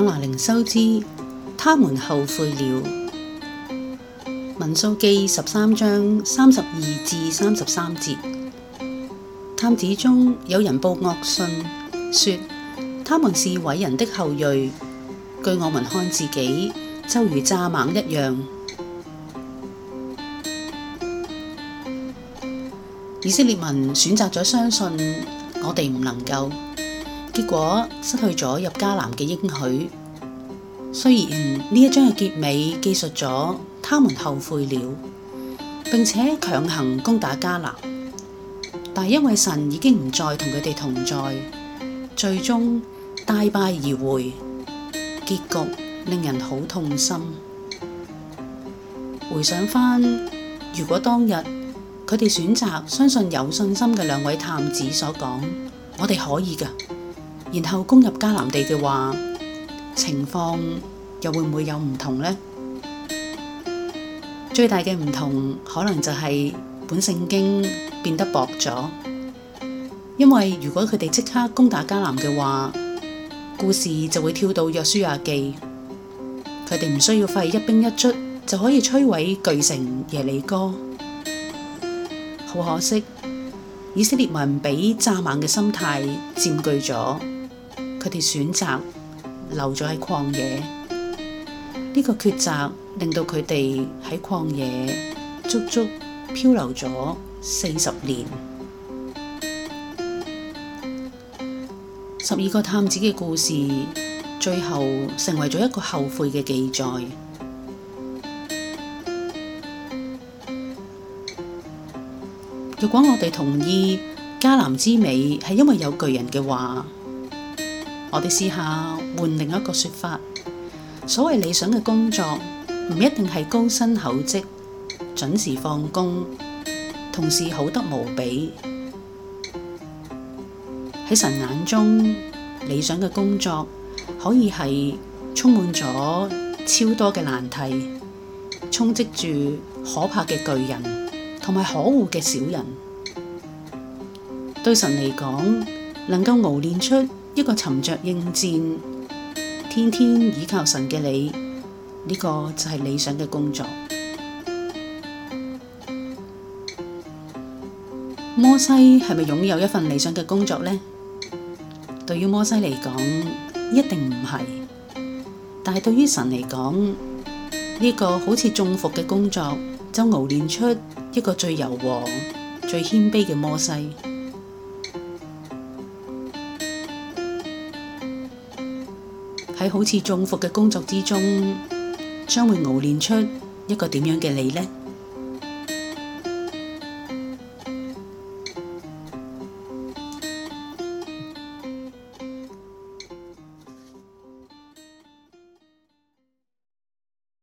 我拿靈修知，他們後悔了。民數記十三章三十二至三十三節，探子中有人報惡信，說他們是偉人的後裔。據我們看自己，就如蚱蜢一樣。以色列民選擇咗相信，我哋唔能夠。結果失去咗入迦南嘅應許，雖然呢一章嘅結尾記述咗他們後悔了，並且強行攻打迦南，但因為神已經唔再同佢哋同在，最終大敗而回，結局令人好痛心。回想翻，如果當日佢哋選擇相信有信心嘅兩位探子所講，我哋可以㗎。然後攻入迦南地嘅話，情況又會唔會有唔同呢？最大嘅唔同可能就係本聖經變得薄咗，因為如果佢哋即刻攻打迦南嘅話，故事就會跳到約書亞記，佢哋唔需要費一兵一卒就可以摧毀巨城耶利哥。好可惜，以色列民俾蚱蜢嘅心態佔據咗。佢哋選擇留咗喺曠野，呢、這個抉擇令到佢哋喺曠野足足漂流咗四十年。十二個探子嘅故事，最後成為咗一個後悔嘅記載。如果我哋同意迦南之美係因為有巨人嘅話，我哋試下換另一個說法，所謂理想嘅工作唔一定係高薪厚職、準時放工、同事好得無比。喺神眼中，理想嘅工作可以係充滿咗超多嘅難題，充斥住可怕嘅巨人同埋可惡嘅小人。對神嚟講，能夠熬煉出一個沉着應戰、天天倚靠神嘅你，呢個就係理想嘅工作。摩西係咪擁有一份理想嘅工作呢？對於摩西嚟講，一定唔係。但係對於神嚟講，呢個好似重複嘅工作，就熬練出一個最柔和、最謙卑嘅摩西。喺好似重複嘅工作之中，將會熬煉出一個點樣嘅你呢？